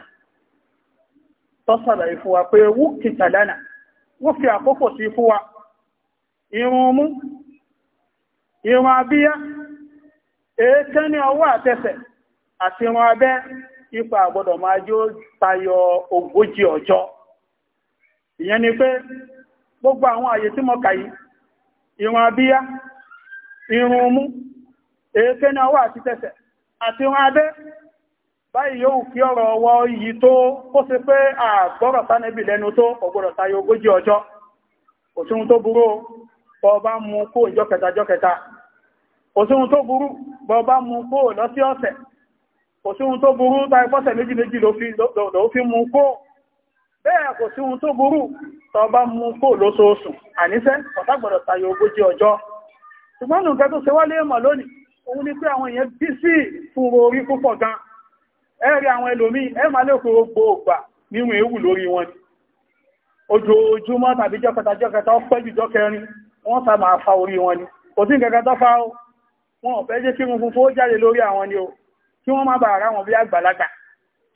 tọ́sàlàyé pé wú kìtàlánà wọ́n fi àkókò sí fún irun mú irun abíyá èékẹ́ ní irun abẹ́ ipa àgbọ́dọ̀ máa jó tayọ ogójì ọjọ́ ìyẹn ni pé gbogbo àwọn àyè tí ìrùn abíyá ìrùn mú èéké ní ọwọ́ àti tẹsẹ̀ àti ìrùn abẹ́ báyìí yóò kí ọ̀rọ̀ ọwọ́ yìí tó kó ṣe pé àgbọ́rọ̀ sánẹ́bì lẹ́nu tó ọgbọ̀rọ̀ tayọ ogójì ọjọ́ òsùn tó burú bọ́ọ̀bá mú kó ìjọ kẹta òsùn tó burú mú kó lọ sí ọ̀sẹ̀ òsùn tó burú méjì méjì ló fi mú kó bẹ́ẹ̀ kò sí ohun tó burú tó bá mú kó lóṣooṣù àníṣẹ́ ọ̀tàgbọ̀dọ̀ tayọ ogójì ọjọ́ ṣùgbọ́n nǹkan tó ṣe wálé mọ̀ lónìí òun ni pé àwọn èèyàn bí sí fúnro orí púpọ̀ gan ni ojoojúmọ́ tàbí jọ́kẹta jọ́kẹta ó pẹ́jù jọ́kẹrin wọ́n sá máa fa orí wọn ni kò sí nǹkan tó fa ó wọn ò fẹ́ jẹ́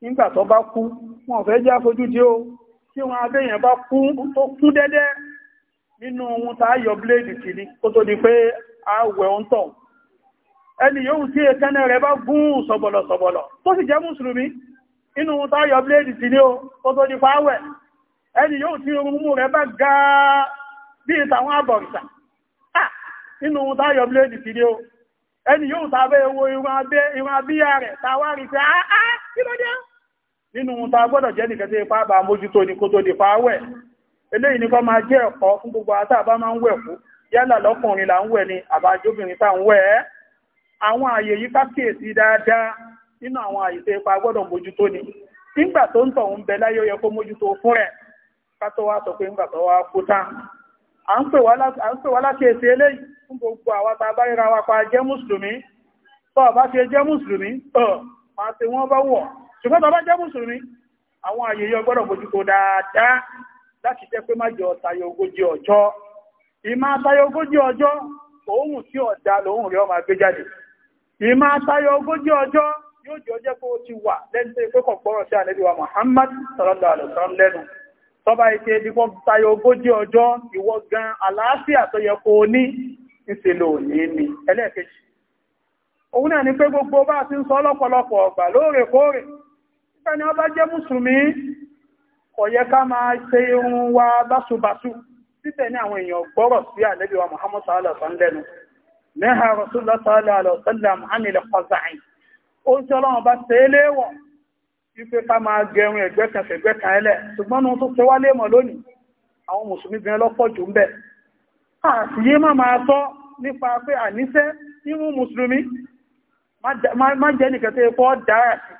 nígbà tó bá kú wọn fẹ́ já fojú dí ó tí wọn abẹ́yẹn bá kú tó kún dẹ́dẹ́ nínú ohun tá yọ bléèdì kìíní kó tó di pé a wẹ̀ ń tọ̀ ẹni yóò sí ẹ̀kẹ́nẹ́ rẹ̀ bá gún sọ̀bọ̀lọ̀ sọ̀bọ̀lọ̀ tó sì jẹ́ mùsùlùmí inú ohun tá yọ bléèdì kìíní ó kó tó di pa wẹ̀ ẹni yóò tí orun mú bá ga bí i tàwọn àbọ̀rìṣà nínú ohun tá yọ bléèdì kìíní ó ẹni yóò tàbẹ́ ewo irun abíyà rẹ̀ tàwárí pé áá kí ló dé nínú ohun ta gbọ́dọ̀ jẹ́ nìkan tí ipá bá mójútó ní kó tó di fáwẹ̀ eléyìí ni kọ́ máa jẹ́ ẹ̀kọ́ fún gbogbo àtà bá máa ń wẹ̀ fún yálà lọ́kùnrin là ń wẹ̀ ni àbájóbìnrin tá ń wẹ̀ ẹ́ àwọn àyè yìí ká dáadáa nínú àwọn àyè tó ipa gbọ́dọ̀ mójútó ni nígbà tó ń tọ̀ ń bẹ láyé ó yẹ kó mójútó fún rẹ̀ ká tó wá sọ pé nígbà tó wá kú tán à ń pè wá lákèsí eléyìí fún gbogbo àwa tá a bá ríra wa pa jẹ́ mùsùlùmí tó o bá jẹ́ mùsùlùmí ọ̀ máa ṣe wọ́n bá wọ̀ ṣùgbọ́n tó jẹ́ mùsùlùmí àwọn àyè yọ gbọ́dọ̀ bójútó dáadáa láti jẹ́ pé má jẹ́ ọ̀tayọ ogójì ọjọ́ ìmá atayọ ogójì ọjọ́ òun tí ọ̀dá lòun ọmọ jáde ìmá ogójì ọjọ́ yóò jọ jẹ́ pé ó ti wà gbọ́rọ̀ sí àlẹ́bí wa Muhammad lẹ́nu tọ́ba ike ogójì ọjọ́ ìwọ gan àlàáfíà tó yẹ kó ni ẹlẹ́ẹ̀kejì òun gbogbo bá ti ń sọ ọgbà ẹni ọba jẹ́ mùsùlùmí kò yẹ ká máa ṣe irun wa báṣubàṣu síbẹ̀ ní àwọn èèyàn gbọ́rọ̀ sí àlẹ́bí wa muhammad sallallahu alaihi wasallam lẹ́nu mẹ́ha rasulullah sallallahu alaihi wasallam anilẹ̀ kọzàáyì ó ń sọ́lọ́ ọba ṣe é léwọ̀ wípé ká máa gẹrun ẹ̀gbẹ́ kan fẹ̀gbẹ́ kan ẹlẹ̀ ṣùgbọ́n nu tó ṣe wá lémọ̀ lónìí àwọn mùsùlùmí bìnrin lọ́pọ̀ jù ń àṣìyé má máa sọ nípa pé àníṣẹ́ irú mùsùlùmí má jẹ́ nìkan tó yẹ kó sí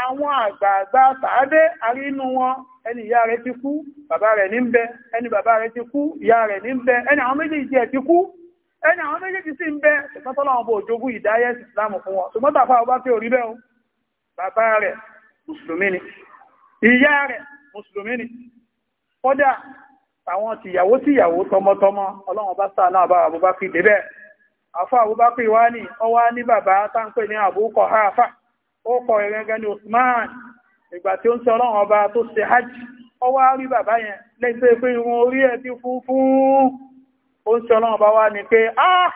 àwọn àgbààgbà sàádé àrínú wọn ẹni ìyá rẹ̀ ti kú bàbá rẹ ní bẹ ẹni bàbá rẹ̀ ti kú ìyá ẹni àwọn méjèèjì ti kú ẹni àwọn méjèèjì sì ń bẹ ṣùgbọ́n tọ́lá wọn bò jogún ìsìlámù fún wọn ṣùgbọ́n tàfà ọba tí ò rí bẹ́ẹ̀ o rẹ̀ mùsùlùmí ni ìyá rẹ̀ ó kọ ìrẹ́gẹ́ ní Usman ìgbà tí ó ń sọ ọlọ́run ọba tó ṣe hajj ó wá rí bàbá yẹn lẹ́gbẹ́ pé irun orí ẹ̀ ti fún fún ó ń sọ ọlọ́run ọba wá ní pé ah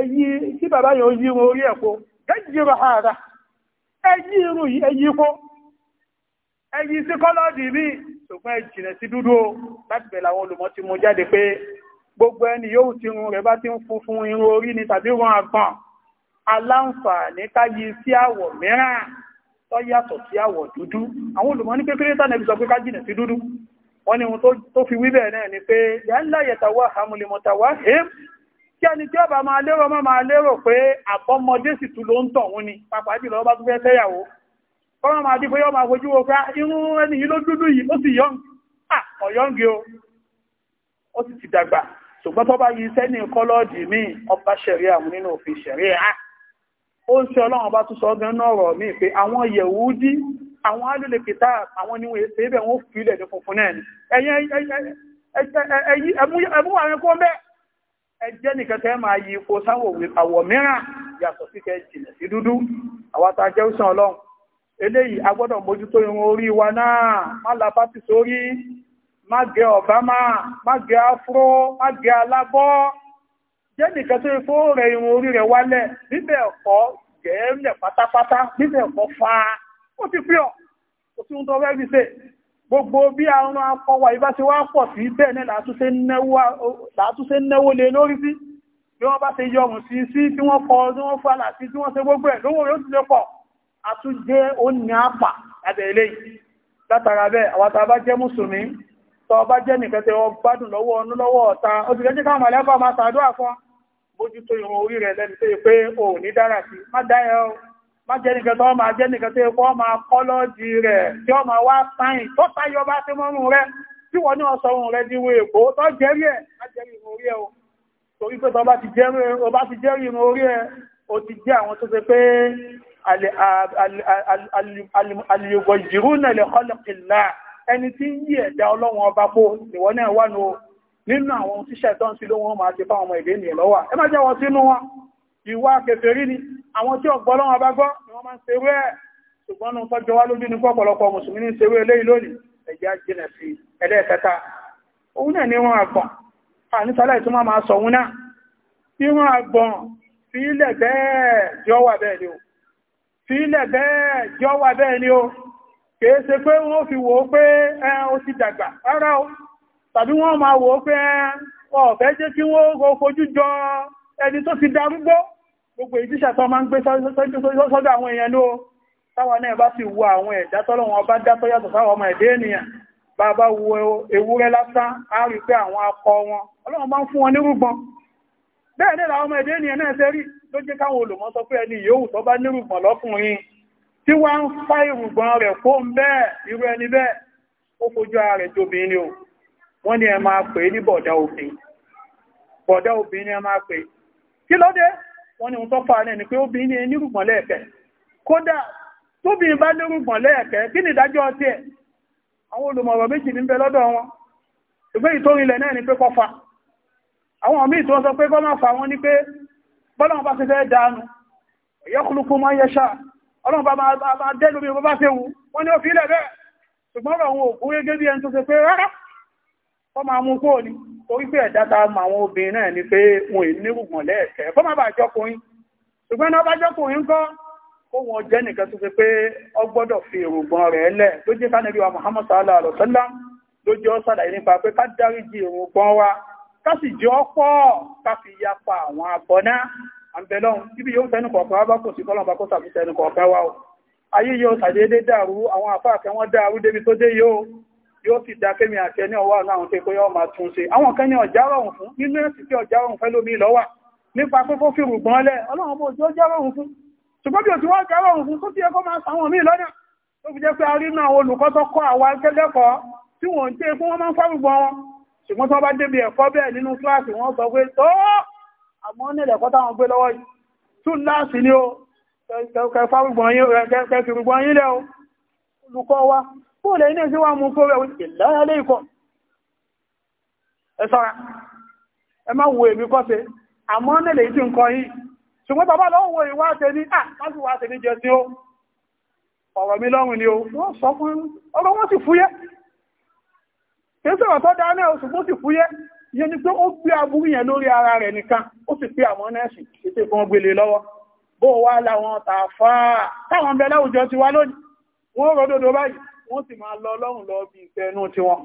ẹ̀yí tí bàbá yẹn ó yí irun orí ẹ̀ kó gẹ́jì rọ̀ ara ẹ̀yí irun yìí ẹ̀yí kó ẹ̀yí sí kọ́lọ́dì mi ṣùgbọ́n ìjìnà sí dúdú láti bẹ̀rẹ̀ àwọn olùmọ̀ ti mú jáde pé gbogbo ẹni yóò ti irun rẹ̀ bá ti ń funfun irun orí ni tàbí irun àgbọ̀n aláǹfààní káyí sí àwọ̀ mìíràn tó yàtọ̀ sí àwọ̀ dúdú àwọn olùmọ̀ ní kékeré tánà ibi sọ pé kájìnà sí dúdú wọ́n ní ohun tó fi wí náà ni pé yálà yẹ̀tàwà hamulimọ̀tàwà him kí ẹni tí ó bá máa lérò máa máa lérò pé àbọ́mọdé sì tún ló ń tọ̀ wọn ni pàápàá jùlọ ọba tó fẹ́ fẹ́yàwó kọ́nà máa dí pé yọ́ máa fojú wo pé ah, irú ẹni yìí ló dúdú yìí ó sì yọ́ng ah, ọ̀yọ́ngi o ó sì ti dàgbà ṣùgbọ́n tó bá yí sẹ́ni kọ́lọ́ọ̀dì míì ọba ṣẹ̀rí àwọn nínú òfin ṣẹ̀rí à ó ń ṣe ọlọ́run bá tún sọ gan náà rọ̀ mí pé àwọn yẹ̀wúdí àwọn alólè kìtà àwọn níwọ̀n èsè ibẹ̀ wọ́n fi ilẹ̀ ní funfun náà ni ẹ̀yìn ẹ̀mú àwọn ẹ̀kọ́ bẹ́ẹ̀ ẹjẹ́ nìkan tẹ́ máa yí ipò sáwọ̀ àwọ̀ mìíràn yàtọ̀ sí kẹ́ jìnà sí dúdú àwátá jẹ́ òsàn ọlọ́run eléyìí a gbọ́dọ̀ mójútó irun orí wa náà má la bátì sórí má gẹ ọ̀bá má má gẹ afro má gẹ alábọ́ jẹ́nìkan tó fó rẹ irun orí rẹ̀ wálẹ̀ bíbẹ̀ ẹ̀kọ́ gẹ̀ẹ́lẹ̀ pátápátá bíbẹ̀ ẹ̀kọ́ fa ó ti pí ọ̀ kò sí ohun tó rẹ́ fi ṣe gbogbo bí àrùn akọwà ìbá ṣe wá pọ̀ sí bẹ́ẹ̀ náà látúnṣe náwó lé lórí sí bí wọ́n bá ṣe yọrùn sí sí tí wọ́n kọ tí wọ́n fà láti tí wọ́n ṣe gbogbo ẹ̀ lówó yóò tún lè pọ̀ àtúnjẹ́ ó ní àpà lábẹ́ eléyìí látara bẹ́ẹ̀ àwọn tá a bá jẹ́ mùsùlùmí tọ bá jẹ́ nìkan tẹ ọgbádùn lọ́wọ́ ọ̀nú lọ́wọ́ ọ̀ta oṣù kẹjẹ káwọn àlẹ́bà máa sàdúrà fún bójútó ìrùn orí rẹ̀ lẹ́nu tó yẹ pé o ní dára sí má dáyẹ o má jẹ́ nìkan tọ́ máa jẹ́ nìkan tó yẹ kó máa kọ́ lọ́ọ̀dì rẹ̀ tí ó máa wá sáyìn tó sáyọ bá sí mọ́rùn rẹ̀ tí wọ́n ní ọ̀sọ̀ ohun rẹ̀ di wo èkó tó jẹ́rí ẹ̀ má jẹ́rí ìrùn orí ẹ̀ ẹni tí ń yí ẹ̀dá ọlọ́run ọba kó ìwọ náà wà nù nínú àwọn tíṣẹ́ tó ń sí ló wọ́n máa ti fáwọn ọmọ ìdé nìyẹn lọ́wọ́ ẹ má jẹ́ wọn sínú wọn ìwà kèfèrí ni àwọn tí ọ̀gbọ́ ọlọ́run ọba gbọ́ ni wọ́n máa ń serú ẹ̀ ṣùgbọ́n nù tọ́jọ́ wá lójú ní pọ̀pọ̀lọpọ̀ mùsùlùmí ní serú eléyìí lónìí ẹ̀jẹ̀ jìnà sí ẹlẹ́ẹ̀kẹta òun náà ni wọ́n àgbọ̀n àníṣàlẹ̀ tó máa sọ òun náà tí wọ́n àgbọ̀n fílẹ̀ bẹ́ẹ̀ jọ́wà bẹ́ẹ̀ ni ó kìí pé wọ́n fi wò ó pé ẹ o ti dàgbà rárá o tàbí wọ́n máa wò ó pé ọ̀fẹ́ jẹ́ kí wọ́n fojú jọ ẹni tó ti darúgbó gbogbo ìdíṣà tó ń gbé sọ́dọ̀ àwọn èèyàn ló táwa náà bá fi wo àwọn ẹ̀dá tọ́lọ́wọ́n bá dá yàtọ̀ sáwọn ọmọ ẹ̀dẹ́ ènìyàn bá bá wo ewúrẹ́ tí wọ́n ń fá ìrùgbọ́n rẹ̀ kó ń irú ẹni bẹ́ẹ̀ ó fojú ara rẹ̀ tóbi ní o wọ́n ni ẹ máa pè ní bọ̀dá obìnrin bọ̀dá obìnrin ni ẹ máa pè kí ló wọ́n ní ohun tó ni pé obìnrin ní lẹ́ẹ̀kẹ́ kódà tóbìnrin bá lẹ́ẹ̀kẹ́ kí ni ìdájọ́ ọtí ẹ̀ àwọn méjì ní bẹ lọ́dọ̀ wọn tó rinlẹ̀ náà ni pé kọ́ fa àwọn míì tó sọ pé kọ́ wọn pé bá ti fẹ́ ọlọ́run bá máa dẹ́nu bí wọ́n bá ṣe wù wọ́n ní ó fi ilẹ̀ bẹ́ẹ̀ ṣùgbọ́n ọ̀rọ̀ òun òkú gẹ́gẹ́ bí ẹni tó ṣe pé rárá wọ́n máa mú kúrò ní ni pé wọn èyí nírùgbọ̀n lẹ́ẹ̀kẹ́ kọ́ má bàa jọkùnrin ṣùgbọ́n náà bá jọkùnrin ń kọ́ kó wọn jẹ́ nìkan tó ṣe pé ọ gbọ́dọ̀ fi èrògbọ̀n rẹ̀ lẹ̀ ló jẹ́ kánẹ́bí wa Muhammad sallallahu alaihi wasallam ló jẹ́ ọ́ nípa pé ká dáríji èrògbọ̀n wa ká sì jẹ́ ọ́ ká fi yapa àwọn abọ́ná àbẹ̀lọ́n bíbí yóò fẹ́nu kọ̀ọ̀kan wá bá kò sí kọ́lọ̀ bá kó sàbí fẹ́nu kọ̀ọ̀kan wá o ayé yóò sàdédé dàrú àwọn àfáàkẹ́ wọn dàrú débi tó dé yóò yóò sì dá kémi àṣẹ ní ọwọ́ àwọn tó yóò máa tún ṣe àwọn kan ní ọjà rọrùn fún nínú ẹ̀sìn tí ọjà rọrùn fẹ́ lómi lọ́wà nípa pé kó fi rùgbọ́n lẹ̀ ọlọ́run bó jó já rọrùn fún ṣùgbọ́n bí ò ti wá já rọrùn fún tó ti yẹ kó máa sàwọn míì lọ́nà tó fi jẹ́ pé a rí náà àwọn olùkọ́ tó kọ́ àwa akẹ́lẹ́kọ̀ọ́ tí wọ́n ń tẹ́ fún wọn máa ń fárùgbọ́n wọn ṣùgbọ́n tó bá débi ẹ̀kọ́ bẹ́ẹ̀ nínú kíláàsì wọn sọ pé tó àmọ́ nílẹ̀ kọ́ táwọn gbé lọ́wọ́ yìí tún láàsì ní o kẹfàrúgbọ̀n yín lẹ́ o olùkọ́ wa bóòlẹ̀ iná sí wà mú kó rẹ̀ ìlàyàlẹ́ ikọ̀ ẹ sọ́ra ẹ má wo èmi kọ́sẹ̀ àmọ́ nílẹ̀ ìtì nǹkan yìí ṣùgbọ́n bàbá lọ́wọ́ wo ìwá ṣe ní à láti wá ṣe ní jẹ sí o ọ̀rọ̀ mi lọ́rùn ni o wọ́n sọ fún ọ̀rọ̀ wọn sì fúyẹ́ kìí sọ̀rọ̀ tó dáa náà ṣùgbọ́n sì fúyẹ́ yẹn ni pé ó gbé aburú yẹn lórí ara rẹ̀ nìkan ó sì pé àwọn nẹ́ẹ̀sì títí fún gbélé e lọ́wọ́ bó wá láwọn tààfáà táwọn bẹ láwùjọ ti wá lónìí wọ́n ròdòdó báyìí wọ́n sì máa lọ ọlọ́run lọ bí ìfẹ́nú ti wọn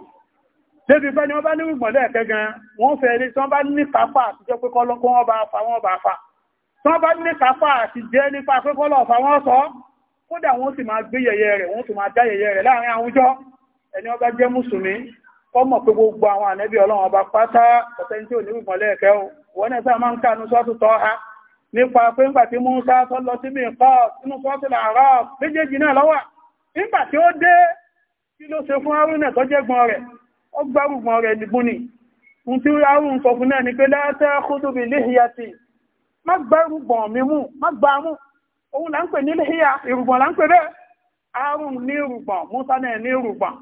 débi pé ni wọ́n bá ní ìgbọ̀nlẹ̀ ẹ̀kẹ́ gan wọ́n fẹ́ rí tí wọ́n bá ní káfà àti jẹ́ pé kọ́lọ́ kó wọ́n bá fa wọ́n bá fa tí wọ́n bá ní káfà àti jẹ́ nípa pé kọ́lọ́ fa wọ́n sọ kódà wọ́n sì máa gbé yẹ̀yẹ́ rẹ̀ wọ́n sì máa dá yẹ̀yẹ́ rẹ̀ láàrin kọ́mọ̀ pé gbogbo àwọn ànẹ́bí ọlọ́run ọba pátá ọ̀sẹ̀ tí ò ní ìgbọ̀n lẹ́ẹ̀kẹ́ o wọ́n náà sáà máa ń kánú sọ́ọ̀tù tọ́ ha nípa pé ńgbà tí Mùsá sọ lọ sí mìíkọ́ nínú sọ́ọ̀tù làárọ̀ méjèèjì náà lọ́wà nígbà tí ó dé kí ló ṣe fún arúnà tó jẹ́ gbọ́n rẹ̀ ó gbárùgbọ́n rẹ̀ nìbú ni ohun tí arún sọ fún náà ni pé láti kúrò bí léhìyàtì má gbárùgbọ́n mi mú má gbá mú òun là ń pè ní léhìyà ìrùgbọ̀n là ń pè bẹ́ẹ̀ arún ní ìrùgbọ̀n Mùsá náà ní ìrùgbọ̀n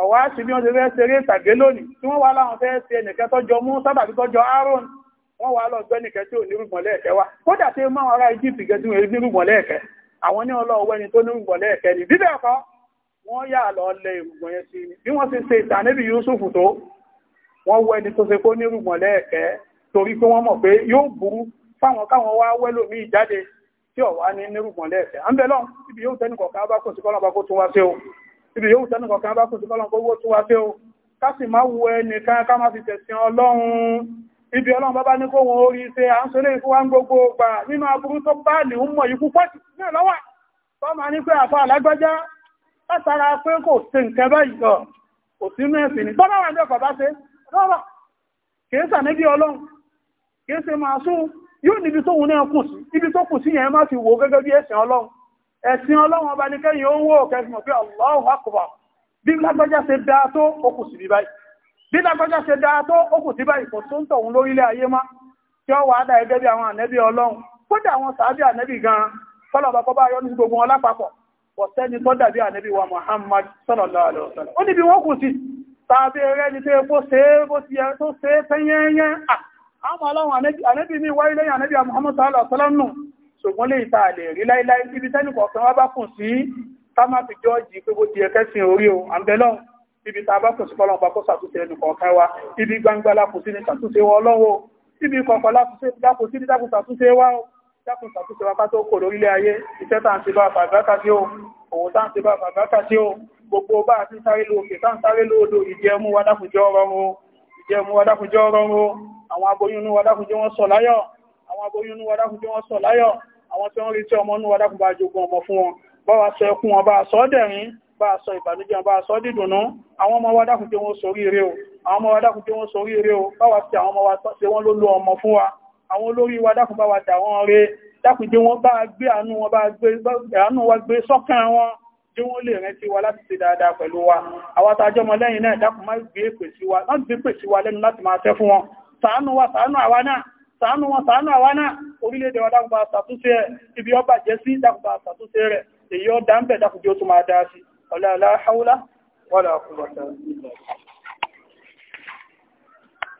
ọ̀wá sí bí wọ́n ti fẹ́ ṣeré ìtàgé lónìí tí wọ́n wá láwọn fẹ́ ṣe ẹnìkẹ́ tọ́jọ mú sábàbí tọ́jọ Aaron wọ́n wá lọ gbẹ́ nìkẹ́ tí ò ní rúgbọ̀n lẹ́ẹ̀kẹ́ wá kódà tí máa wọn ará Egypt gẹ́ tí wọ́n ní rúgbọ̀n lẹ́ẹ̀kẹ́ àwọn ní ọlọ́ọ̀wọ́ ẹni tó ní rúgbọ̀n lẹ́ẹ̀kẹ́ ni bíbẹ̀ ẹ̀kọ́ wọ́n yà lọ lẹ ìrùgbọ̀n yẹn sí ni bí wọ́n ti ṣe ìtànẹ́bì Yusuf tó wọ́n wọ ẹni tó ṣe kó ní rúgbọ̀n lẹ́ẹ̀kẹ́ torí pé wọ́n mọ̀ pé yóò burú fáwọn káwọn wá wẹ́lò míì jáde tí ọ̀wá ní nírùgbọ̀n lẹ́ẹ̀kẹ́ à ń bẹ lọ́n ibi yóò tẹ́nìkọ̀ọ́ká bá kò sí kọ́nà bá kó tún wá sí o ibi yóò tẹ́nu kọ̀ọ̀kan bá kún sí fọ́lọ́n owó tó wá sí o ká sì má wu ẹnìkan ká má fi tẹ̀sìn ọlọ́run ibi ọlọ́run bá bá ní kó wọn orí ṣe à ń ṣe léyìn fún wa ń gbogbo gbà nínú aburú tó bá ní ń mọ̀ ikú pọ́ọ̀tì ní ọlọ́wà tó máa ní pé àfa alágbájá látara pé kò ṣe nǹkan báyìí lọ kò sí inú ẹ̀sìn ní bọ́lá wà ní ọkọ̀ bá ṣe rọ́rọ̀ kìí sànẹ́bí ọlọ́run kìí ṣe máa sún yóò níbi tóun náà kù sí ibi tó kù sí yẹn má fi wò gẹ́gẹ́ bí ẹ̀sìn ọlọ́run ẹ̀sìn ọlọ́run ọba ní kẹ́yìn ó wó kẹfìmọ̀ pé Allahu Akbar bí lágbájá ṣe dáa tó okù sí báyìí bí lágbájá ṣe dáa tó okù sí báyìí kò tó ń tọ̀hún lórílẹ̀ ayé má tí ó wà á dà ẹgbẹ́ bí àwọn ànẹ́bí ọlọ́run kódà àwọn sàábì ànẹ́bí gan fọlọ́ba kọ́ bá yọ ní gbogbo wọn lápapọ̀ tó dàbí ànẹ́bí wa Muhammad sallallahu alaihi wasallam ó níbi wọ́n kù sí tàbí rẹ̀ ni pé kó ṣe é bó ti yẹ tó ṣe é tẹ́yẹ́yẹ́ àwọn ọlọ́run ànẹ́bí mi wáyé lẹ́yìn ànẹ́bí Muhammad sallallahu alaihi wasallam ṣùgbọ́n lè ta lè rí láíláí ibi tẹ́nì kọ̀ọ̀kan wá bá kùn sí ká má fi jọ́ọ̀jì pé bó ti ẹ kẹ́sìn orí o àǹbẹ̀lọ́n ibi tá a bá kùn sí kọ́lọ́n pa kó ṣàtúnṣe ẹnì kọ̀ọ̀kan wa ibi gbangba la kùn sí ni ṣàtúnṣe wa ọlọ́wọ́ ibi kọ̀ọ̀kan la kùn sí ni dákùn ṣàtúnṣe wa o dákùn ṣàtúnṣe wa ká tó kò lórílẹ̀ ayé iṣẹ́ tá à ń ṣe bá bàbáka sí o òun tá à ń ṣe bá bàbáka sí o gbogbo bá a ti sáré lo òkè tá à ń sáré lo odò ìjẹmú wa dákùnjẹ́ ọ̀rọ̀ o ìjẹmú wa dákùnjẹ́ ọ̀rọ̀ o àwọn aboyún wa àwọn tí wọ́n rí tí ọmọ inú wa dákun bá jogun ọmọ fún wọn bá wa sọ ẹkún wọn bá sọ dẹ̀rín bá sọ ìbànújẹ́ wọn bá sọ dídùnú àwọn ọmọ wa dákun tí wọ́n sorí ire o àwọn ọmọ wa dákun tí wọ́n sorí ire o bá wa ti àwọn ọmọ wa tí wọ́n ló lo ọmọ fún wa àwọn olórí wa dákun bá wa dà wọ́n re dákun jẹ́ wọ́n bá gbé àánú wọn bá gbé àánú wa gbé sọ́kàn wọn jẹ́ wọ́n lè rántí wa láti ṣe dáadáa pẹ̀lú wa àwọn àtàjọ́ ọmọ lẹ́yìn náà dákun má gbé pèsè wa lẹ́nu láti máa tẹ́ fún wọn ṣàánú wa ṣàánú àwa náà ṣàánú wọn ṣàánú àwa náà orílẹ̀-èdè wa dákùnbà ṣàtúnṣe ẹ̀ ibi ọba jẹ́ sí dákùnbà ṣàtúnṣe rẹ̀ èyí ọ̀dá ń bẹ̀ dákùnjẹ́ máa dá sí ọ̀lá aláhàúlá wọ́n